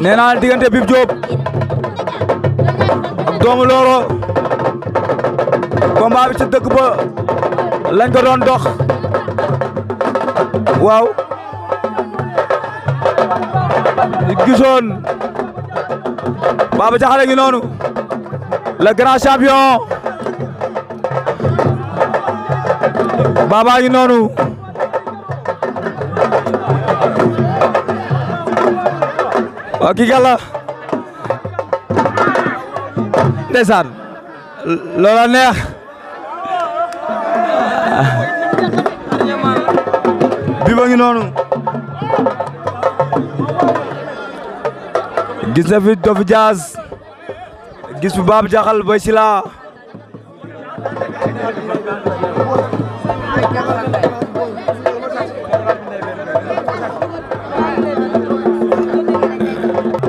nee naa diggante Bib Diop ak doomu Loro combat bi ci dëkk ba lañ ko doon dox waaw gisoon Baba Jaxale ngi noonu le grand champion Baba ngi noonu waaw kii kan loola neex bi ngi noonu gis na fi Dof Jazz gis Baab Jaxal Boy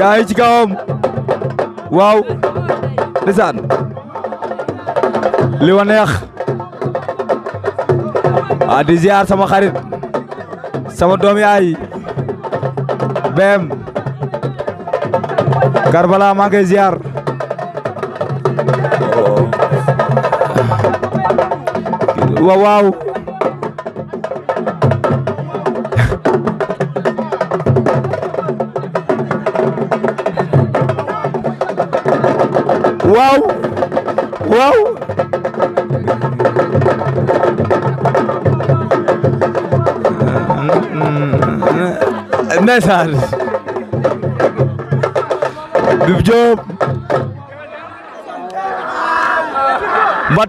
gaa yi ci kawam waaw ndeysaan li wa neex a sama xarit sama doom yaay beem Karbala maa ngi koy waaw waaw waaw waaw ndeysaan Bib Diop ba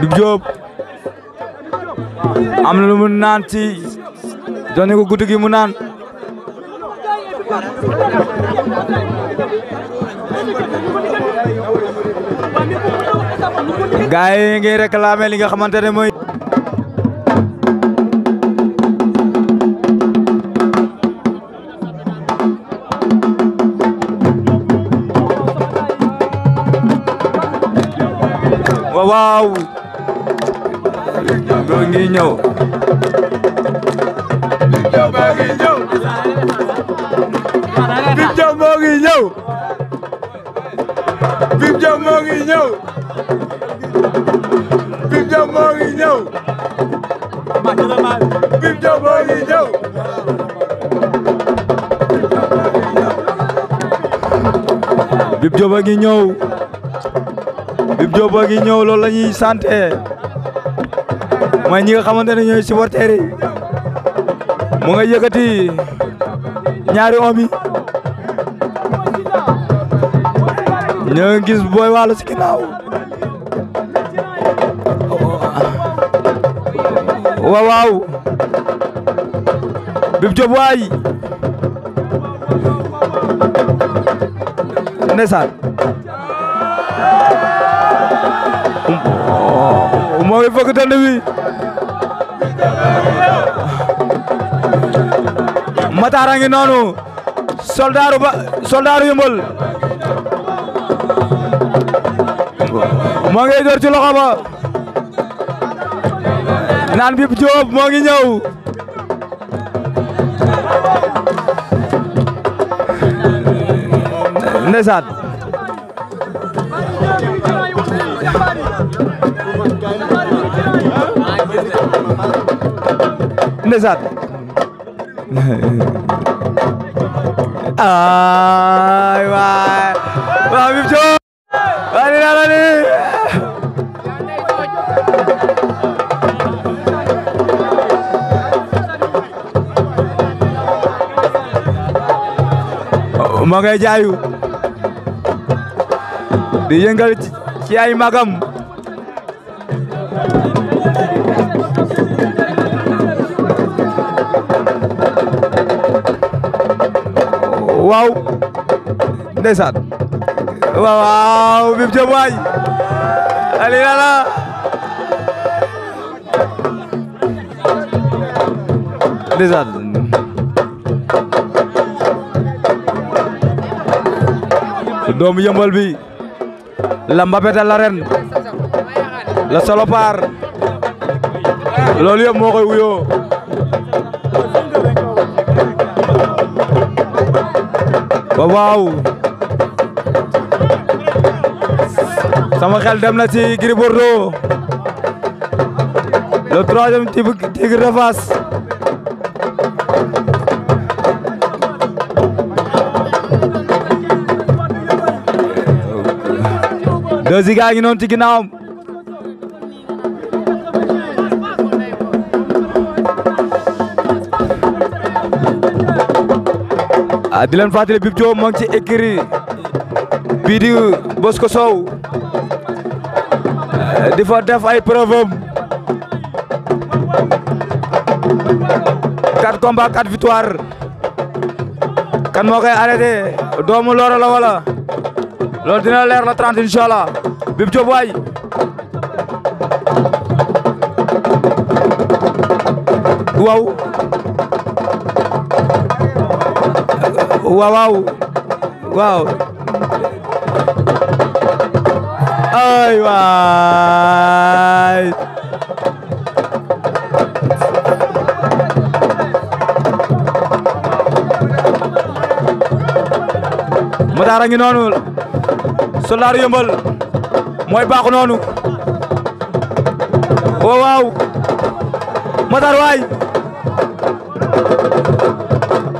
Bib Diop am na lu mu naan ci jox ko guddi gi mu naan gaa ngi réclamer li nga xamante ne mooy waaw ngi ñëw Big Jow moo ngi ñëw Big Jow moo ngi ñëw Big Jow moo ngi ñëw Big Jow moo ngi ñëw Big a a ngi ñëw loolu la mooy ñi nga xamante ne ñooy supporters yi mu nga yëkkati ñaari omi ñoo gis booy wàllu si ginnaaw waaw Bib Diop waay ndeysaan moo ngi fëgg dënd bi Matar noonu soldaaru ba soldaaru Yeumbeul moo ngi door ci loxo ba naan Bib Diop moo ndeysaan ay waay waa bib jo waa ni naa ni moo ngay jaayu di yëngal ci ay magam waaw ndeysaan waaw Bib Diop waay ali lala ndeysaan doomu yëmbal bi la mbapeta la ren la solopar loolu yëpp moo koy wuyoo waaw sama xel dem na ci Gris Bordeaux le troisième Tigre de Fass deux gaa ngi noonu ci ginnaawam a ah, di leen fàttali Bib Diop moo ci écrit bii di Bosco Sow ah, di fa def ay preuve am quatre combats quatre victoire moo koy arrêté doomu looro la wala loolu leer la 30 incha allah Bib Diop waay waaw. waaw waaw waaw ay waay Matar a ngi noonu soldaar yëmbal mooy baaxu noonu waaw waaw Matar waay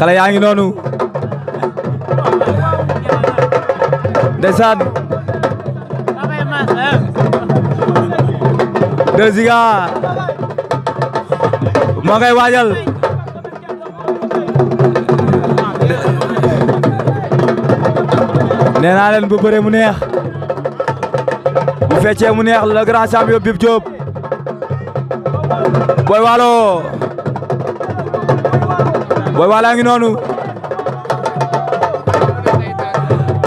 xale yaa ngi noonu ndeysaan Deux moo ngay waajal nee naa leen mu neex bu feccee mu neex le grand champion Bib Diop Boy Waalo Boy Walo ngi noonu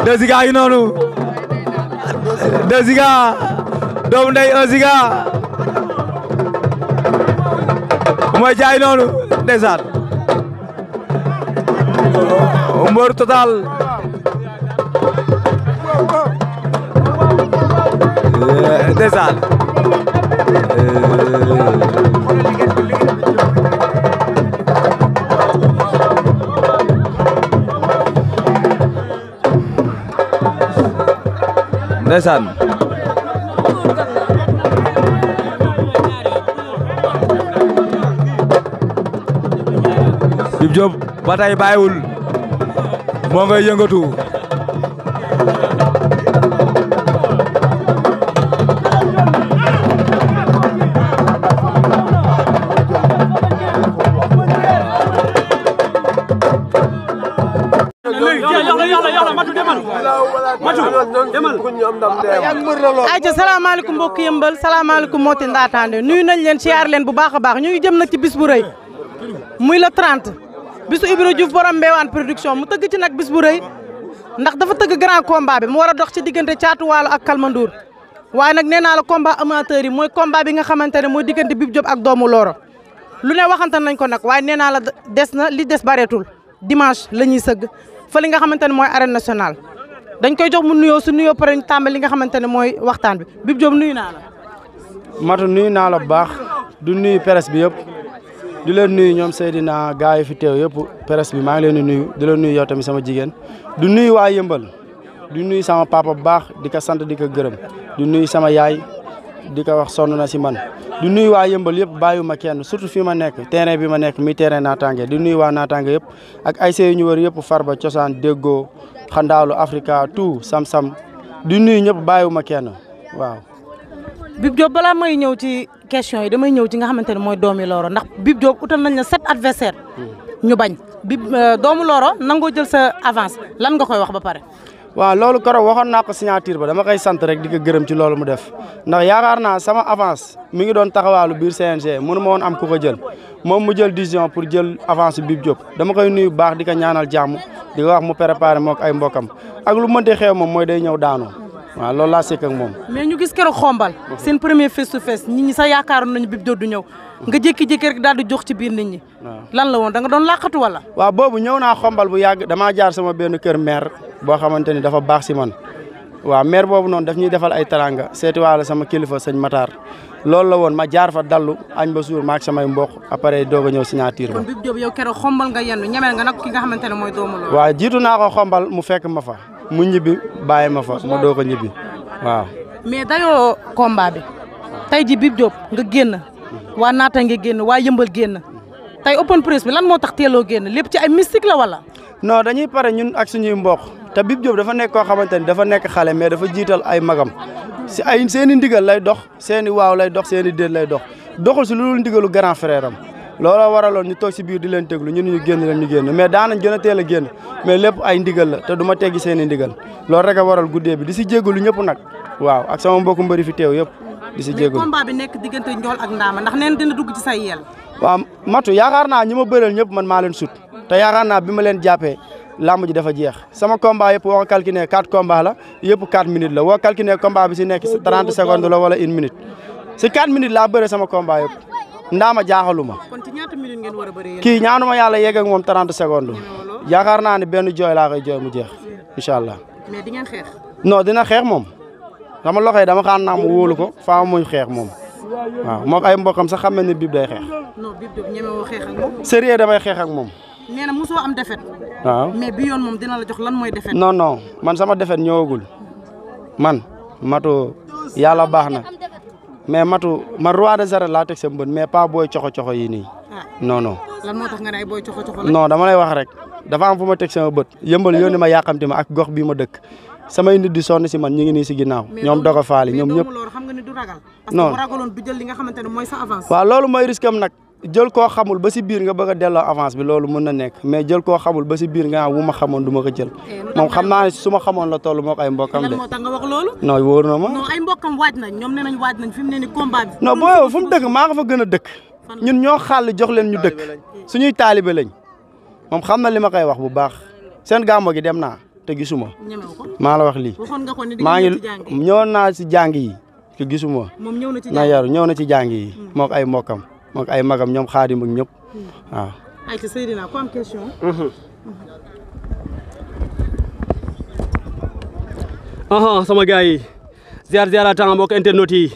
deux ngi noonu deux Ziga doomu ndey un Ziga noonu ndeysaan mbër total ndeysaan ndeysaan Bib Diop ba tey bàyyiwul moo ngay yëngatu matu demal ayca salaamaaleykum mbokk yëmbal salaamaaleykum mooti ndaataande nuyu nañ leen siyaar leen bu baax a baax ñu ngi jëm nag ci bis bu rëy muy le 30 bisu Ibra Diouf borom mbeewaan production mu tëgg ci nag bis bu rëy ndax dafa tëgg grand combat bi mu war a dox ci diggante Caatu Waalo ak Kalmandour waaye nag nee la combat amateur yi mooy combat bi nga xamante ne mooy diggante Bib Diop ak doomu Loro lu ne waxante nañ ko nag waaye nee naa la des na li des bareetul dimanche la ñuy sëgg fa li nga xamante ne mooy arène nationale dañ koy jox mu nuyoo su nuyoo pare ñu tàmbali li nga xamante ne mooy waxtaan bi bi Diop nuyu naa la. Matu nuyu naa la bu baax du nuyu presse bi yëpp di leen nuyu ñoom Seydina gars yi fi teew yëpp presse bi maa ngi leen di nuyu di leen nuyu yow tamit sama jigéen du nuyu waa Yëmbal du nuyu sama papa bu baax di ko sant di ko gërëm du nuyu sama yaay di ko wax sonn na si man. du nuyu waa yëmbal yëpp bàyyiwuma kenn surtout fii ma nekk terrain bi ma nekk mi terrain naataange di nuyu waa naataange yëpp ak ay see yu ñu wër yëpp farba cosaan déggoo xandaalu Africa tout sam-sam di nuyu ñëpp bàyyiwuma kenn waaw. Bib Diop balaa may ñëw ci question yi damay ñëw ci nga xamante ne mooy doomi Loro ndax Bib Diop utal nañ la sept adversaire hmm. ñu bañ Bib euh, doomu Loro nangoo jël sa avance lan nga koy wax ba pare. waaw loolu keroog waxoon naa ko signature ba dama koy sant rek di ko gërëm ci loolu mu def ndax yaakaar naa sama avance mi ngi doon taxawaalu biir CNG mënu ma woon am ku ko jël moom mu jël décision pour jël avance bi Bib dama koy nuyu baax di ko ñaanal jàmm di ko wax mu préparé mook ay mbokkam ak lu mënti xew moom mooy day ñëw daanoo waa loolu laa sekk moom. mais ñu gis keroog xombal. seen premier face to face nit ñi sax yaakaaroon nañu Bib Diop du ñëw. nga jékki-jékki daal di jox ci biir nit ñi. lan la woon da doon laqatu wala. waaw boobu ñëw naa xombal bu yàgg damaa jaar sama benn kër maire boo xamante ni dafa baax si man waaw maire boobu noonu daf ñuy defal ay taranga seetiwaale sama kilifa sëñ Matar loolu la woon ma jaar fa dallu añ ba suur maak samay mbokk après doo a ñëw signature ba. kon Bib Diop yow keroog xombal nga yenn ñemel nga nag nga xamante ne mooy doomu la. waaw jiitu naa xombal mu fekk ma fa mu ñibbi bàyyi ma fa ma doog a ñibbi waaw. mais dayoo combat bi tey ji Bib Diop nga génn waa naataa nga génn waa yëmbal génn tey open prise bi lan moo tax teeloo génn lépp ci ay mystique la wala. noo dañuy pare ñun ak suñuy mbokk. te Bib Diop dafa nekk koo xamante ni dafa nekk xale mais dafa jiital ay magam si ay seen i ndigal lay dox seen waaw lay dox seen i lay dox doxul si lu dul ndigalu grand freeram am looloo waraloon ñu toog si biir di leen téglu ñun ñu génn leen ñu génn mais daanañ gën a teel a génn mais lépp ay ndigal la te du ma teggi seen ndigal loolu rek a waral guddee bi di si jéggalu ñëpp nag waaw ak sama mbokku mbëri fi teew yëpp di si jéggalu combat bi nekk diggante njool ak ndaama ndax dugg ci say yel waaw matu yaakaar naa ñi ma bëral ñëpp man maa leen sut te yaakaar naa bi ma leen jàppee làmb ji dafa jeex sama combat yëpp woo calculé 4 combat la yëpp 4 minutes la woo calculé combat bi si nekk si 30 secondes la wala une minute si 4 minutes laa bëre sama combat yëpp ndaama jaaxaluma. kon ngeen war a bëre kii ñaanuma yàlla yegg ak moom 30 secondes yaakaar naa ne benn jooy laa koy jooy mu jeex incha allah. mais di xeex. dina xeex moom sama loxo yi dama xaan naa mu wóolu ko faaw muy xeex moom. waaw moom ay mbokkam sa xam nañ ne bib day xeex. non bib ñeme xeex ak damay xeex ak moom. nee na mosoo lan mooy defet. non non man sama defet ñëwagul man matu yàlla baax na mais matu man roi des arènes laa teg sa mbën mais pas booy coxo coxo yi nii. Ah. non non. lan moo tax nga la. dama wax rek dafa am fu ma teg sama bët yëmbal yónni ma yàqamti ma ak gox bii ma dëkk. sama nit di sonn si man ñu ngi nii si ginnaaw ñoom doga faali ñoom ñëpp. non. parce que bu ragaloon du loolu mooy risque nag jël koo xamul ba si biir nga bëgg a delloo avance bi loolu mën na nekk mais jël koo xamul ba si biir nga xam ma xamoon du ma ko jël eh, moom xam naa ne suma xamoon la toll moo ko ay mbokkam de non wóor na ma non fu mu dëkk maa nga fa gën a dëkk ñun ñoo xàll jox leen ñu dëkk suñuy taalibe lañ moom xam na li ma koy wax bu baax seen gàmmo gi dem naa te gisuma maa la wax lii maa ngi ñëwoon naa si jàng yi te gisuma na yaru ñëw na ci jàng yi hmm. moo ko ay mbokkam moog ay magam ñoom xaari ak ñëpp hmm. waaw. ayca Seydina ku am question. Mhm. Hmm. sama gars yi ziar ziaraat ah, mbokk internet yi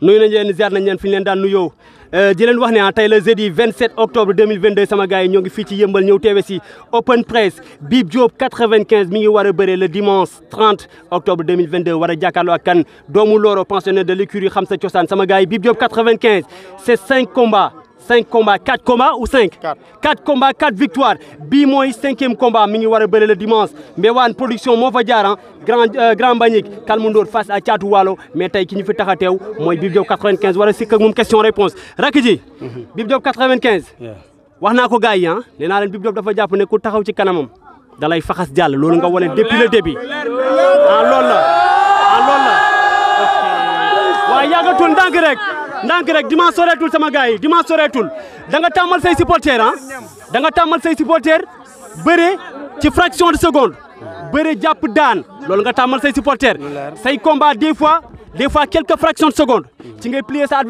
nuyu nañ leen ziar nañ leen fi ñu leen daan nuyoo Euh, di leen wax ne ah tey le jeudi 27 octobre 2022 sama gars yi ñoo ngi open press Bib Diop 95 mi ngi war a bëree le dimanche 30 octobre 2022 war a jàkkaarloo ak kan doomu Loro pensionnaire de l'écurie xam sa cosaan sama gars yi Bib Diop 95 c'est 5 combats. cinq combats quatre combats ou cinq. quatre quatre combats quatre victoires bii mooy cinquième combat mi ngi war a bëre le dimanche Mbéwane production moo fa jaar ah. grand euh, grand Mbagnick Kalmundoor face à Thiatou Walo mais tey ki ñu fi tax a teew mooy Bib Diop 95 war a sikk ak moom question réponse rakk ji. Mhm. Bib Diop 95. wax naa ko gars yi ah nee naa leen Bib Diop dafa jàpp ne ku taxaw ci kanamam dalay faxas jàll lool nga wane depuis le début ah loolu la ah loolu la waaye yàggatul ndànk rek dimanche soreetul sama gars yi dimanche soreetul da nga tàmmal say supporter ah da nga tàmmal say supporter bëre ci fraction de seconde bëre jàpp daan loolu nga tàmmal say supporter say combat des fois des fois quelques fractions de seconde ci ngay plier sa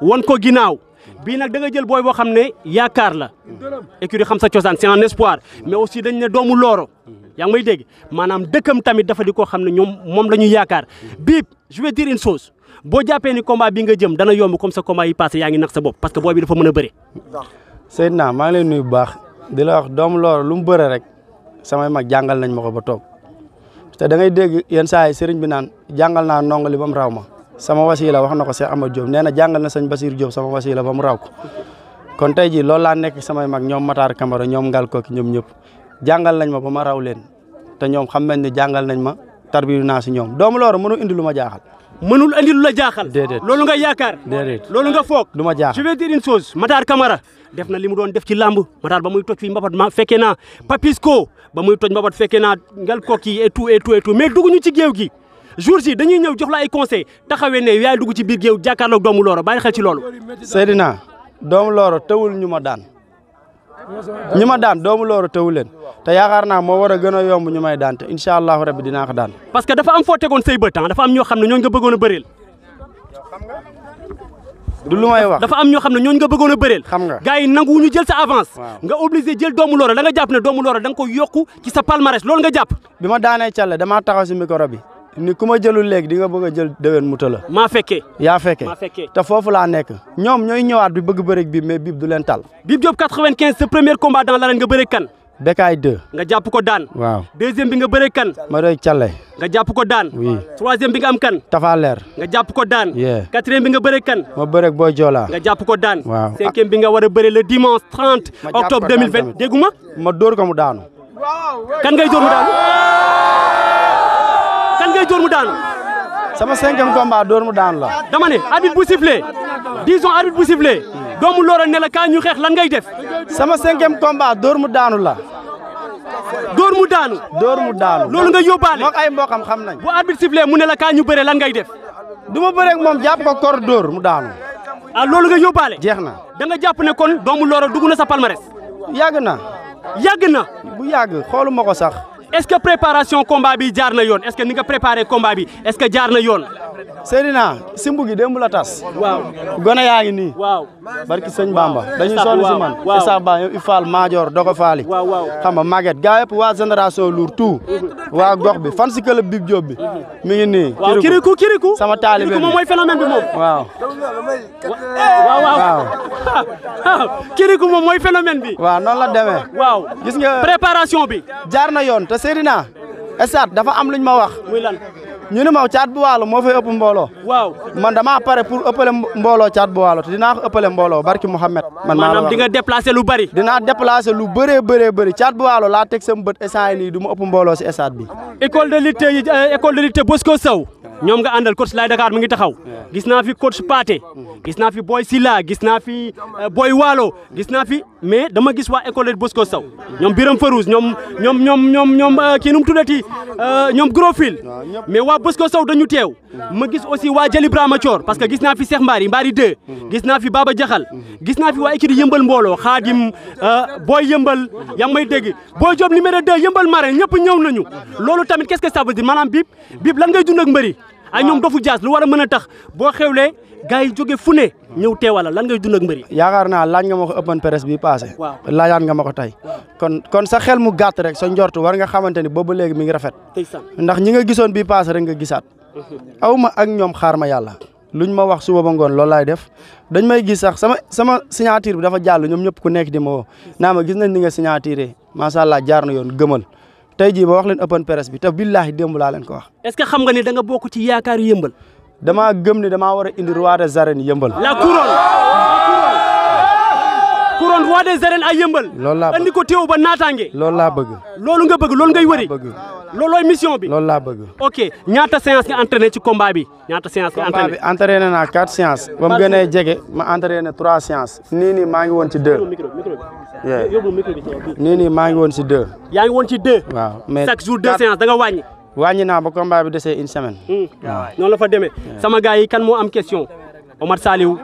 won ko ginnaaw bii nag danga jël booy boo xam ne yaakaar la écurie xam sa cosaan c'est un espoir mais aussi dañ ne doomu looro yaa ngi may dégg maanaam dëkkam tamit dafa di koo xam ne ñoom moom la ñuy yaakaar biib je vais dire boo jàppee ni combat bi nga jëm dana yomb comme sa combat yi passé yaa ngi nax sa bopp parce que booy bi dafa mën a bëri. naa maa ngi lay nuyu bu baax di la wax doomu loolu lu mu bëre rek samay mag jàngal nañ ma ko ba toog te da ngay dégg yenn saa yi bi naan jàngal naa ndongo li ba mu raw ma sama wasila wax na ko Cheikh Amadou Diop nee na jàngal na sëñ Basir Diop sama wasila ba mu raw ko kon te jii loolu laa nekk samay mag ñoom mataar Camara ñoom Ngal Koki ñoom ñëpp jàngal nañ ma ba ma raw leen te ñoom xam nañ ne jàngal nañ ma tarbiyu naa si ñoom doomu loolu mënu indi lu ma jaaxal mënul andi lu la jaaxal déedéet loolu nga yaakaar déedéet loolu nga foog du ma jaaxal je vais dire une chose def na li mu doon def ci làmb Matar ba muy toj fii mbapat ma fekkee naa Papisco ba muy toj mbapat fekkee naa ngal kokki et tout et tout et tout ci géew gi jour si dañuy ñëw jox la ay conseil taxawee ne yaay dugg ci biir géew jàkkaarloog doomu looro bàyyi xel ci loolu Seydina doomu looro tawul ñu ma daan ñi ma daan doomu looro tëwu leen te yaakaar na moo war a yomb ñu may daan te incha allahu rabbi dinaa ko daan. parce que dafa am foo tegoon say bët ah, dafa am ñoo xam ne ñooñu nga bëggoon a du lu wax dafa am ñoo xam ne ñooñ nga bëggoon a bëreel. xam nga gars yi nangu wu ñu jël sa avance. nga obligé jël doomu looro da nga jàpp ne doomu looro da nga ko yokku ci sa palmarès loolu nga jàpp. bi ma daanee Thialé damaa taxaw si micro bi. ni ku ma jëlul léegi di nga bëgg a jël déwén mu tëla maa fekkee yaa fekkee te foofu nekk ñoom ñooy ñëwaat bi bëgg bëreeg Bib mais Bib du leen tal Bib Diop 95 sa premier combat dans l'arène nga bëreeg kan Bécaye 2 nga jàpp ko daan waaw deuxième bi nga bëreeg kan ma doy Thialé nga jàpp ko daan oui troisième bi nga am kan Tafa Leer nga jàpp ko daan quatrième bi nga bëreeg ma bëreeg Boy Joola nga jàpp ko daan waaw bi nga war a bëri le dimanche 30 octobre 2020 déggu ma ma dóor ko mu daanu kan ngay dóor kan ngay mu daanu. sama cinquième combat door mu daanu la. dama ne arbitre bu sifflé disons arbitre bu sifflé doomu loora ne la ñu xeex lan ngay def. sama cinquième combat dóor mu daanu la. door mu daanu. dóor mu daanu loolu nga yóbbaale. moom ay mboqam xam nañ bu arbitre sifflé mu ne la ka ñu bëree lan ngay def. du ma bëree ak moom jàpp ko kor door mu daanu. ah loolu nga yóbbaale. jeex na da nga jàpp ne kon doomu loora dugg na sa palmarès. yàgg na. yàgg na. bu yàgg xooluma ko sax. est-ce que préparation combat bi jaar na yoon est-ce que ni nga préparé combat bi jaar na yoon. Seydina simbu gi démb la tas. gone yaa ngi nii. waaw barki sëñ Bamba. dañuy sonn si man. waaw Issa Ba i Fall Maajoor Dogo Faali. waaw waaw xam nga waa génération Lour tout. waa gox bi fan si club Big Diop bi. mi ngi nii. kiriku kiriku sama taalibe bi moom mooy bi moom. waaw. kiriku moom mooy phénomène bi. waaw noonu la demee. waaw bi. jaar na yoon Seydina Esat dafa am luñ ma wax muy ñu ni ma caat bu waalo moo fay ëpp mbooloo waaw man damaa pare pour ëppale mbooloo caat bu waalo te dinaa ko ëppale mbooloo barki Mouhamed man maanaam di nga déplacé lu bëri dinaa déplacé lu bëree bëree bëri caat bu waalo laa teg sam bët essant yi nii du ëpp mbooloo si estade bi école de lutte yi euh, école de lutte Bosco Sow ñoom nga àndal coach ngi taxaw gis naa fi coach Paté mm-hmm. gis naa fi Boy Silla gis naa fi euh, Boy Waalo gis naa fi mais dama gis waa école de Bosco Sow ñoom Biram Farouz ñoom ñoom ñoom ñoom ñoom euh, kii nu mu tuddati ñoom Grofil mais waa Bosco Sow dañu teew ma gis aussi waa Jali Brahma Thior parce que gis naa fi Cheikh Mbaari Mbaari 2 mhm. gis naa fi baaba Jaxal mhm. gis naa fi waa équipe yëmbal mbooloo Xaadim euh, boo yëmbal yaa may dégg booy Joob numéro 2 yëmbal marin ñëpp ñëw nañu loolu tamit qu'est-ce que ça veut dire maanaam bib bib lan ngay dund ak mbëri ay ñoom dofu jaas lu war a mën a tax boo xew xewlee gars yi jóge fu ne ñëw teewala lan ngay dund ak mbëri yaakaar naa laaj nga ma ko open press bi passé laajaan nga ma ko tey kon kon sa xel mu gàtt rek sa njort war nga xamante ni boobu léegi mi ngi rafet ndax ñi nga gisoon bi passé rek nga gisaat mhm. aw ma ak ñoom xaar ma yàlla luñ ma wax suba ba ngoon loolu laay def dañ may gis sax sama sama signature bi dafa jàll ñoom ñëpp ku nekk di ma woo naa ma gis nañ ni nga signature macha allah jaar na yoon gëmal tey jii ba wax leen open press bi te da nga bokk ci yaakaar yëmbal. dama gëm ne damaa war a indi roi des arènes yëmbal. la couronne couronne roi des arènes ay yëmbal. loolu laa bëgg andi ko teew ba naataange. loolu laa bëgg. loolu nga bëgg loolu ngay wëri. loolooy mission bi. loolu laa bëgg. ok ñaata séance nga entraîné ci combat bi ñaata séance nga entraîné. combat bi entraîné naa quatre séances. ba mu gënee jege ma entraîné trois séances. nii nii maa ngi woon ci deux. nii maa ngi woon ci deux. yaa ngi woon ci deux. waaw mais chaque wàññi naa ba combat bi desee une semaine. Hmm. Hmm. Ah, waaw noonu la fa demee sama gars yi kan moo am question Omar Saliou.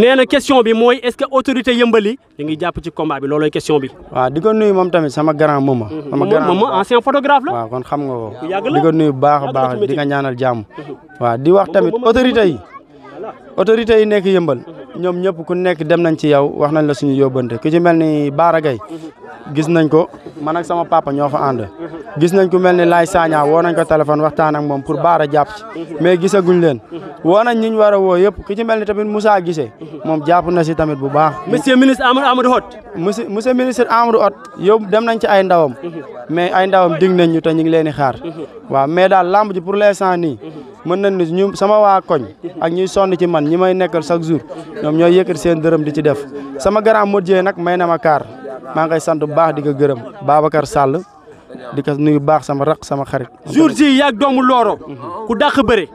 nee na question bi mooy est-ce que autorité yëmbali ñu ngi jàpp ci combat bi loolooy question bi. waaw di ko nuyu moom tamit sama grand mama. Hmm. sama grand mama ancien photographe la. waaw kon xam nga ko. di ko nuyu bu baax a baax di nga ñaanal jàmm. waaw di wax tamit autorité yi. autorités yi nekk yëmbal ñoom ñëpp ku nekk dem nañ ci yow wax nañ la suñu yóbbante ku ci mel ni Baara Gaye gis nañ ko man sama papa ñoo fa ànd gis nañ ku mel ni Laay Sagna woo nañ ko téléphone waxtaan ak moom pour Baara jàpp ci mais gisaguñ leen woo nañ ñiñ war a woo yëpp ku ci mel ni tamit Moussa Guissé moom jàpp na si tamit bu baax monsieur ministre Amadou Amadou Hott monsieur monsieur ministre Amadou Hott yow dem nañ ci ay ndawam mais ay ndawam dig nañ ñu te ñu ngi leen di xaar mhm. waaw mais daal lamb ji mën nañ ni ñu sama waa koñ ak ñuy sonn ci man ñi may nekkal chaque jour ñoom ñooy yëkkati seen dërëm di ci def sama grand modier nag may na ma kaar maa ngay sant bu baax di ko gërëm Babacar Sall di ko nuyu baax sama raq sama xarit. jour ji yaag doomu Loro. ku dàq bëre.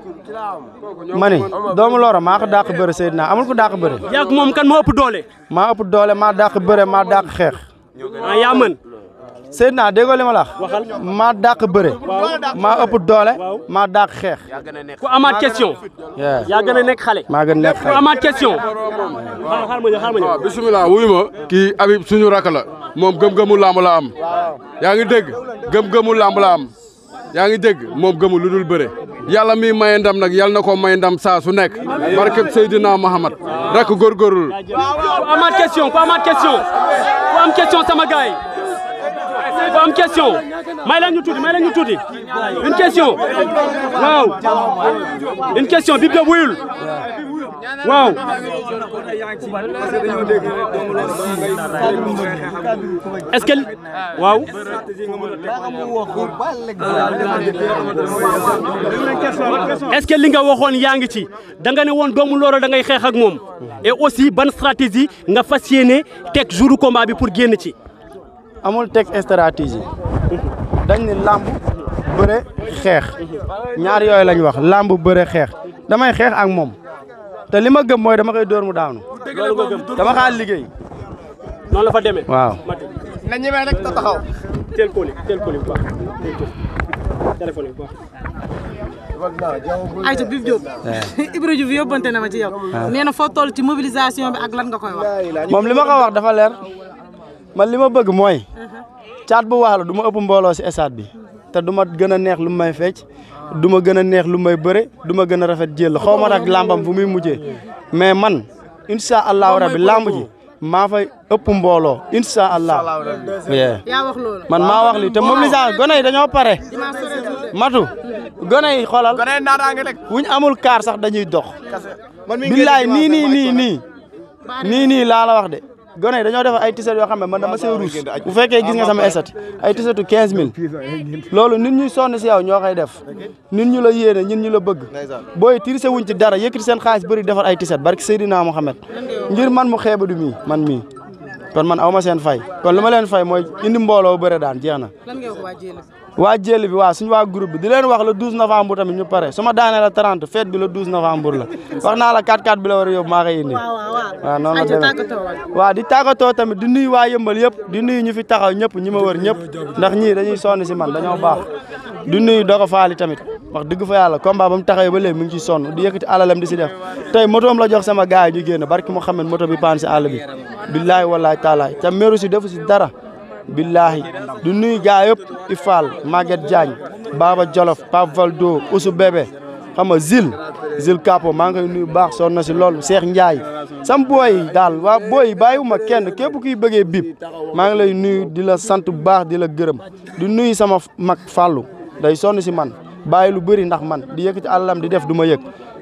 ma ni doomu Loro maa ko dàq bëre Seydina amul ku dàq bëre. yaag moom kan moo ëpp doole. maa ëpp doole maa dàq bëre maa dàq xeex. ah yaa Seydina déggoo li ma la wax maa dàq bëre ma ëpp doole ma dàq xeex ku amaat question yaa gën a nekk xale maa gën nekk xale ku amaat question xaar ma ñëw xaar ma suñu rakk la moom gëm-gëmu làmb la am yaa ngi dégg gëmu làmb yaa ngi dégg moom gëmu lu dul bëre yàlla mi may nag yàlla na ko may ndam saa su nekk barkeb Seydina Muhammad rakk góorgóorlu ku amaat question ku amaat question ku am question sama dafa am question may leen ñu tuuti may leen ñu tuuti une question waaw une question Bib Diop wuyul waaw est li nga waxoon yaa ngi ci danga nga ne woon doomu Loro da ngay xeex moom et aussi ban stratégie nga fas yéene teg jouru combat bi pour génn ci amul teg stratégie dañ ne làmb bëre xeex ñaar yooyu lañ wax làmb bëre xeex damay xeex ak moom te li ma gëm mooy dama koy dóor mu daanu. dama xaar liggéey. noonu la fa waaw. na ñemee rek taxaw. teel ko ni teel ko ni bu baax téléphone bu baax. Eh. yóbbante na ma ci yow. Ah. nee foo toll ci mobilisation bi ak lan nga koy wax. moom li ma wax dafa leer. man li ma bëgg mooy uh-huh. caat bu wax la ma ëpp mbooloo si stade bi te du gën a neex lu may fecc du ma gën a neex lu may bëre duma gën a rafet jël xaw ma nag làmbam fu muy mujjee mais man incha allahu rabi làmb ji maa fay ëpp mbooloo incha allah. yaa wax man maa wax li te mobilisation gone yi dañoo pare. matu gone yi xoolal wuñ amul kaar sax dañuy dox. billaay nii nii nii nii nii nii wax de. gone dañoo def ay t yoo xam ne man dama see ruus bu fekkee gis nga sama esat ay t-shirtu 15000 loolu nit ñuy sonn si yow ñoo koy def nit ñu la yéene nit ñu la bëgg booy tirise wuñ ci dara yëkkati seen xaalis bëri defar ay t-shirt barki Seydina Mohamed ngir man mu xeebadu mii man mii kon man aw ma seen fay kon lu ma leen fay mooy indi mbooloo bëre daan jeex na waa jéel bi waa suñu waa groupe di leen wax le 12 novembre tamit ñu pare su ma daanee la 30 fête bi le 12 novembre la wax naa la 4-4 bi la war a yóbbu maa koy indi. waaw waaw la demee waaw di tàggatoo tamit di nuyu waa yëmbal yëpp di nuyu ñu fi taxaw ñëpp ñi ma war ñëpp ndax ñii dañuy sonn si man dañoo baax di nuyu Dogo Faali tamit wax dëgg fa yàlla combat ba mu taxawee ba léegi mu ngi ciy sonn di yëkkati alalam di si def tey motoom la jox sama gars yi ñu génn barki mu xam ne moto bi paan si àll bi billaay wallaay taalaay te meru si defu si dara billahi du nuyu gaa yëpp Ifal Maguette Diagne baaba Jolof Pape Valdo Oussou Bébé xam nga Zil Zil Kapo maa ngi koy nuyu baax sonn si loolu Cheikh Ndiaye sam booy daal waa booy yi ma kenn képp kuy bëggee bip maa ngi lay nuyu di la sant bu baax di la gërëm di nuyu sama mag Fallou day sonn si man bàyyi lu bëri ndax man di yëkkati àllam di def du ma yëg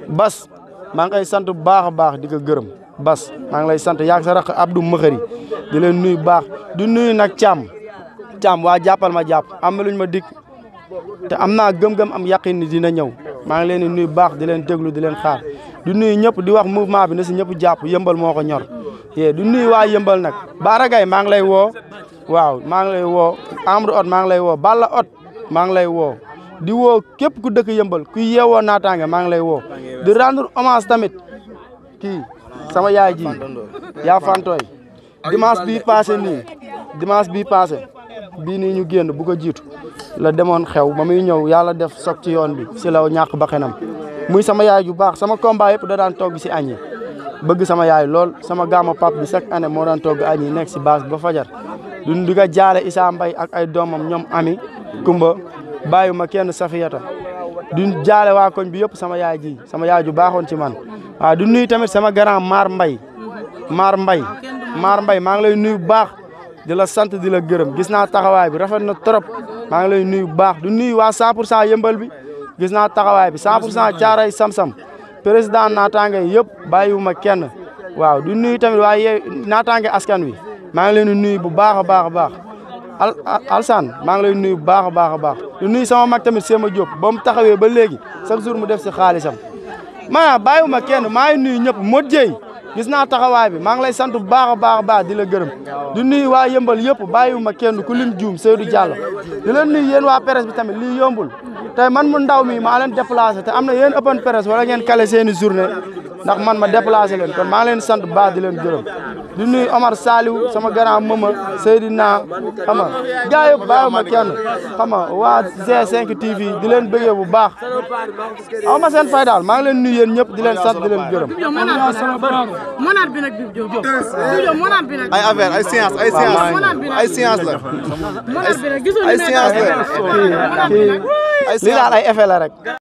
bas maa ngi koy sant bu baax a baax di ko gërëm bas maa ngi lay sant yaag sa rakk Abdou Makhari di leen nuyu baax du nuyu nag Thiam Thiam waa jàppal ma jàpp am luñ ma dikk te am naa gëm-gëm am yaqin ni dina ñëw maa ngi leen di nuyu baax di leen déglu di leen xaar du nuyu ñëpp di wax mouvement bi na si ñëpp jàpp yëmbal moo ko ñor yee di nuyu waa yëmbal nag Baara Gaye maa ngi lay woo waaw maa ngi lay woo Amru Ot maa ngi lay woo Balla Ot maa ngi lay woo di woo képp ku dëkk yëmbal ku yeewoo naataange maa ngi lay woo di rendre hommage tamit kii sama yaay ji yaa fantooy dimanche bii passé ni dimanche bii paase bii nii ñu génn bu ko jiitu la demoon xew ba muy ñëw yàlla def soog ci yoon bi si law ñàkk ba xenam muy sama yaay ju baax sama combat yëpp da daan togg si añ yi bëgg sama yaay lool sama gaama pap bi chaque année moo daan togg añ yi nekk si base ba fajar du ka nga jaale Issa Mbaye ak ay doomam ñoom ami kumba bàyyi ma kenn safiyata du jaale waa koñ bi yëpp sama yaay ji sama yaay ju baaxoon ci man waaw du nuyu tamit sama grand maar mbay maar mbay maar mbay maa ngi lay nuyu baax di la sant di la gërëm gis naa taxawaay bi rafet na trop maa ngi lay nuyu baax du nuyu waa 100 pour cent yëmbal bi gis naa taxawaay bi 100 saa cent caaray sam-sam président naataange yëpp ma kenn waaw du nuyu tamit waa yee naataange askan wi maa ngi leen di nuyu bu baax a baax a baax al alsaan maa ngi lay nuyu baax a baax a baax lu nuyu sama mag tamit Séema Diop ba mu taxawee ba léegi chaque jour mu def si xaalisam. maa maanaam bàyyiwuma kenn maa ngi nuyu ñëpp Modou Dieye gis naa taxawaay bi maa ngi lay sant bu baax a baax a baax di la gërëm di nuyu waa yëmbal yëpp bàyyiwuma kenn ku lim juum Seydou Diallo di leen nuyu yéen waa presse bi tamit lii yombul tey man mu ndaw mi maa leen déplacé te am na yéen open presse wala ngeen kale seeni i journée ndax man ma déplacé leen kon maa ngi leen sant bu baax di leen gërëm di nuyu Omar Saliou sama grand mama Seydina xam nga gars yëpp bàyyiwuma kenn xam nga waa G5 TV di leen bëggee bu baax aw ma seen fay maa leen nuyu yéen ñëpp di leen sant leen gërëm monat bi nag bi Diop Diop. Diop monat bi nag. ay affaire ay science ay science. ay science la. monat bi nag gisoo ay science la. ay effet la rek.